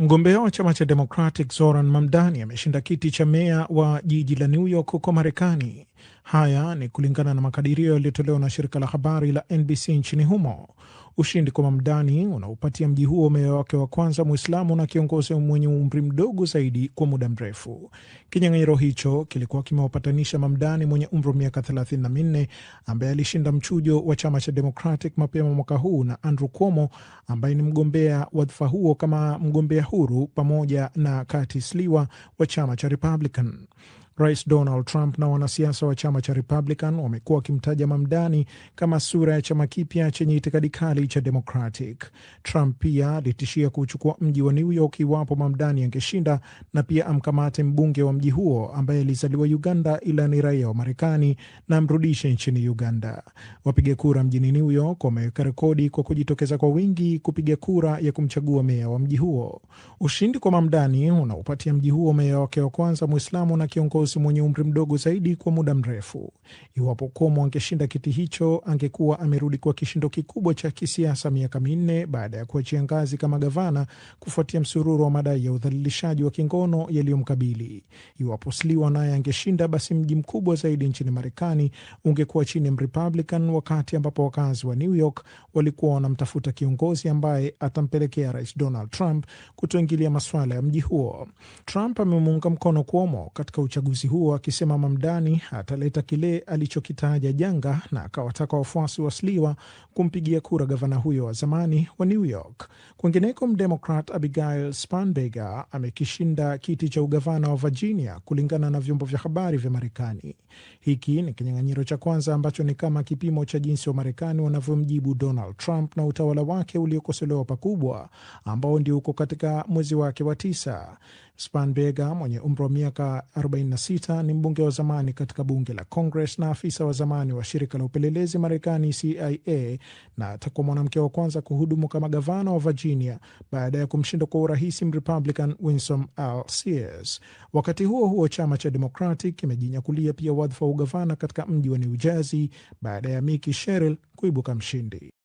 Mgombea wa chama cha Democratic Zoran Mamdani ameshinda kiti cha meya wa jiji la New York huko Marekani. Haya ni kulingana na makadirio yaliyotolewa na shirika la habari la NBC nchini humo. Ushindi kwa Mamdani unaupatia mji huo meya wake wa kwanza Mwislamu na kiongozi mwenye umri mdogo zaidi kwa muda mrefu. Kinyang'anyiro hicho kilikuwa kimewapatanisha Mamdani mwenye umri wa miaka 34 ambaye alishinda mchujo wa chama cha Democratic mapema mwaka huu na Andrew Cuomo ambaye ni mgombea wadhifa huo kama mgombea huru pamoja na Kati Sliwa wa chama cha Republican. Rais Donald Trump na wanasiasa wa chama cha Republican wamekuwa wakimtaja Mamdani kama sura ya chama kipya chenye itikadi kali cha Democratic. Trump pia alitishia kuuchukua mji wa New York iwapo Mamdani angeshinda na pia amkamate mbunge wa mji huo ambaye alizaliwa Uganda ila ni raia wa Marekani na amrudishe nchini Uganda. Wapiga kura mjini New York wameweka rekodi kwa kujitokeza kwa wingi kupiga kura ya kumchagua meya wa mji huo. Ushindi kwa Mamdani unaupatia mji huo meya wake wa kwanza Mwislamu na kiongozi rais mwenye umri mdogo zaidi kwa muda mrefu. Iwapo Komo angeshinda kiti hicho, angekuwa amerudi kwa kishindo kikubwa cha kisiasa miaka minne baada ya kuachia ngazi kama gavana kufuatia msururu wa madai ya udhalilishaji wa kingono yaliyomkabili. Iwapo Sliwa naye angeshinda, basi mji mkubwa zaidi nchini Marekani ungekuwa chini ya Republican, wakati ambapo wakazi wa New York walikuwa wanamtafuta kiongozi ambaye atampelekea Rais Donald Trump kutoingilia masuala ya mji huo. Trump amemuunga mkono Cuomo katika uchaguzi uamuzi huo akisema Mamdani ataleta kile alichokitaja janga, na akawataka wafuasi wasliwa kumpigia kura gavana huyo wa zamani wa New York. Kwingineko, mdemokrat Abigail Spanberger amekishinda kiti cha ugavana wa Virginia kulingana na vyombo vya habari vya Marekani. Hiki ni kinyang'anyiro cha kwanza ambacho ni kama kipimo cha jinsi wa marekani wanavyomjibu Donald Trump na utawala wake uliokosolewa pakubwa ambao ndio uko katika mwezi wake wa tisa. Spanberger mwenye umri wa miaka sita ni mbunge wa zamani katika bunge la Congress na afisa wa zamani wa shirika la upelelezi Marekani CIA, na atakuwa mwanamke wa kwanza kuhudumu kama gavana wa Virginia baada ya kumshinda kwa urahisi Mrepublican Winsome al Sears. Wakati huo huo, chama cha Democratic kimejinyakulia pia wadhifa wa ugavana katika mji wa New Jersey baada ya miki Sherrill kuibuka mshindi.